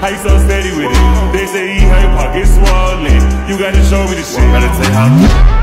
how you so steady with it? They say he pockets You gotta show me the shit. Gotta take how.